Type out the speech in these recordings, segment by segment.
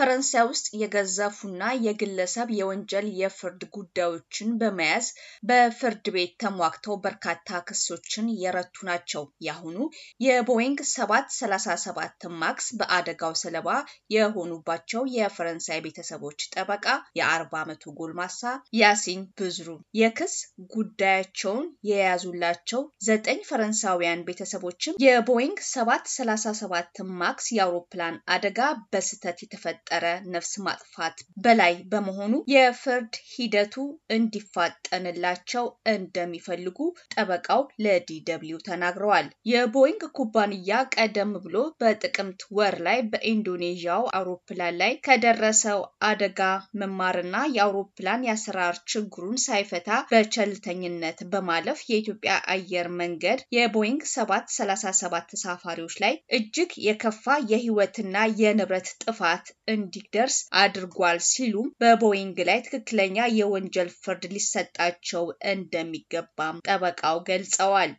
ፈረንሳይ ውስጥ የገዘፉና የግለሰብ የወንጀል የፍርድ ጉዳዮችን በመያዝ በፍርድ ቤት ተሟግተው በርካታ ክሶችን የረቱ ናቸው። ያሁኑ የቦይንግ 737 ማክስ በአደጋው ሰለባ የሆኑባቸው የፈረንሳይ ቤተሰቦች ጠበቃ የ40 ዓመቱ ጎልማሳ ያሲን ብዝሩ የክስ ጉዳያቸውን የያዙላቸው ዘጠኝ ፈረንሳውያን ቤተሰቦችም የቦይንግ 737 ማክስ የአውሮፕላን አደጋ በስህተት የተፈጠ ከተፈጠረ ነፍስ ማጥፋት በላይ በመሆኑ የፍርድ ሂደቱ እንዲፋጠንላቸው እንደሚፈልጉ ጠበቃው ለዲደብሊው ተናግረዋል። የቦይንግ ኩባንያ ቀደም ብሎ በጥቅምት ወር ላይ በኢንዶኔዥያው አውሮፕላን ላይ ከደረሰው አደጋ መማርና የአውሮፕላን የአሰራር ችግሩን ሳይፈታ በቸልተኝነት በማለፍ የኢትዮጵያ አየር መንገድ የቦይንግ 737 ተሳፋሪዎች ላይ እጅግ የከፋ የሕይወትና የንብረት ጥፋት እንዲደርስ አድርጓል ሲሉም በቦይንግ ላይ ትክክለኛ የወንጀል ፍርድ ሊሰጣቸው እንደሚገባም ጠበቃው ገልጸዋል።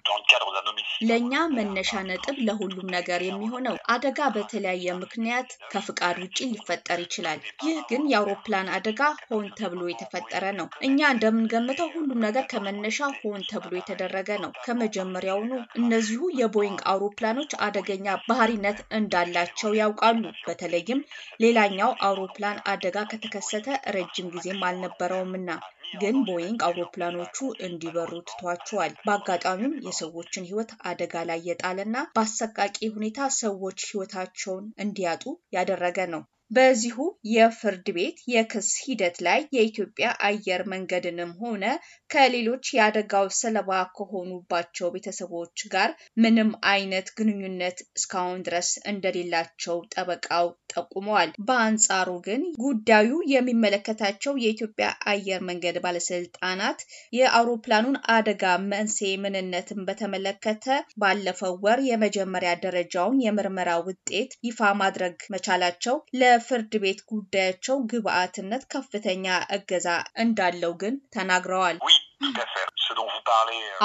ለእኛ መነሻ ነጥብ ለሁሉም ነገር የሚሆነው አደጋ በተለያየ ምክንያት ከፍቃድ ውጭ ሊፈጠር ይችላል። ይህ ግን የአውሮፕላን አደጋ ሆን ተብሎ የተፈጠረ ነው። እኛ እንደምንገምተው ሁሉም ነገር ከመነሻ ሆን ተብሎ የተደረገ ነው። ከመጀመሪያውኑ እነዚሁ የቦይንግ አውሮፕላኖች አደገኛ ባህሪነት እንዳላቸው ያውቃሉ። በተለይም ሌላ ሌላኛው አውሮፕላን አደጋ ከተከሰተ ረጅም ጊዜም አልነበረውምና ግን ቦይንግ አውሮፕላኖቹ እንዲበሩ ትቷቸዋል። በአጋጣሚም የሰዎችን ህይወት አደጋ ላይ የጣለና በአሰቃቂ ሁኔታ ሰዎች ህይወታቸውን እንዲያጡ ያደረገ ነው። በዚሁ የፍርድ ቤት የክስ ሂደት ላይ የኢትዮጵያ አየር መንገድንም ሆነ ከሌሎች የአደጋው ሰለባ ከሆኑባቸው ቤተሰቦች ጋር ምንም አይነት ግንኙነት እስካሁን ድረስ እንደሌላቸው ጠበቃው ጠቁመዋል። በአንጻሩ ግን ጉዳዩ የሚመለከታቸው የኢትዮጵያ አየር መንገድ ባለስልጣናት የአውሮፕላኑን አደጋ መንስኤ ምንነትን በተመለከተ ባለፈው ወር የመጀመሪያ ደረጃውን የምርመራ ውጤት ይፋ ማድረግ መቻላቸው ለ ለፍርድ ቤት ጉዳያቸው ግብአትነት ከፍተኛ እገዛ እንዳለው ግን ተናግረዋል። euh,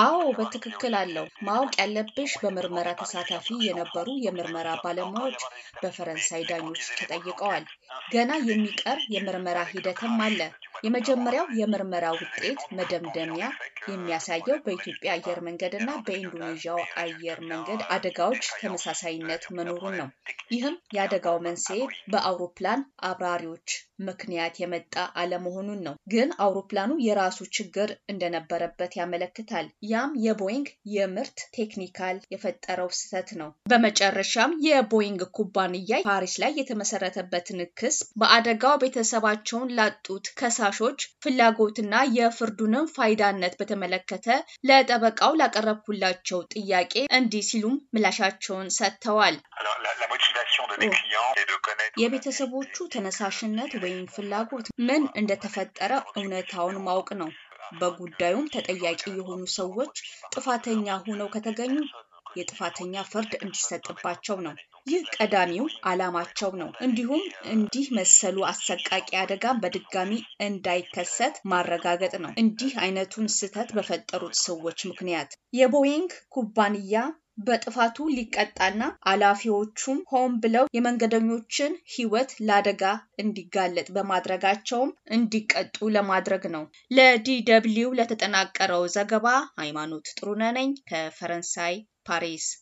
አዎ በትክክል አለው። ማወቅ ያለብሽ በምርመራ ተሳታፊ የነበሩ የምርመራ ባለሙያዎች በፈረንሳይ ዳኞች ተጠይቀዋል። ገና የሚቀር የምርመራ ሂደትም አለ። የመጀመሪያው የምርመራ ውጤት መደምደሚያ የሚያሳየው በኢትዮጵያ አየር መንገድና በኢንዶኔዥያው አየር መንገድ አደጋዎች ተመሳሳይነት መኖሩን ነው። ይህም የአደጋው መንስኤ በአውሮፕላን አብራሪዎች ምክንያት የመጣ አለመሆኑን ነው። ግን አውሮፕላኑ የራሱ ችግር እንደነበረበት ያመለክታል። ያም የቦይንግ የምርት ቴክኒካል የፈጠረው ስህተት ነው። በመጨረሻም የቦይንግ ኩባንያ ፓሪስ ላይ የተመሰረተበትን ክስ በአደጋው ቤተሰባቸውን ላጡት ከሳሾች ፍላጎትና የፍርዱንም ፋይዳነት በተ በተመለከተ ለጠበቃው ላቀረብኩላቸው ጥያቄ እንዲህ ሲሉም ምላሻቸውን ሰጥተዋል። oh. የቤተሰቦቹ ተነሳሽነት ወይም ፍላጎት ምን እንደተፈጠረ እውነታውን ማወቅ ነው። በጉዳዩም ተጠያቂ የሆኑ ሰዎች ጥፋተኛ ሆነው ከተገኙ የጥፋተኛ ፍርድ እንዲሰጥባቸው ነው። ይህ ቀዳሚው ዓላማቸው ነው። እንዲሁም እንዲህ መሰሉ አሰቃቂ አደጋ በድጋሚ እንዳይከሰት ማረጋገጥ ነው። እንዲህ አይነቱን ስህተት በፈጠሩት ሰዎች ምክንያት የቦይንግ ኩባንያ በጥፋቱ ሊቀጣና አላፊዎቹም ሆን ብለው የመንገደኞችን ሕይወት ለአደጋ እንዲጋለጥ በማድረጋቸውም እንዲቀጡ ለማድረግ ነው። ለዲ ደብልዩ ለተጠናቀረው ዘገባ ሃይማኖት ጥሩነህ ነኝ ከፈረንሳይ Paris.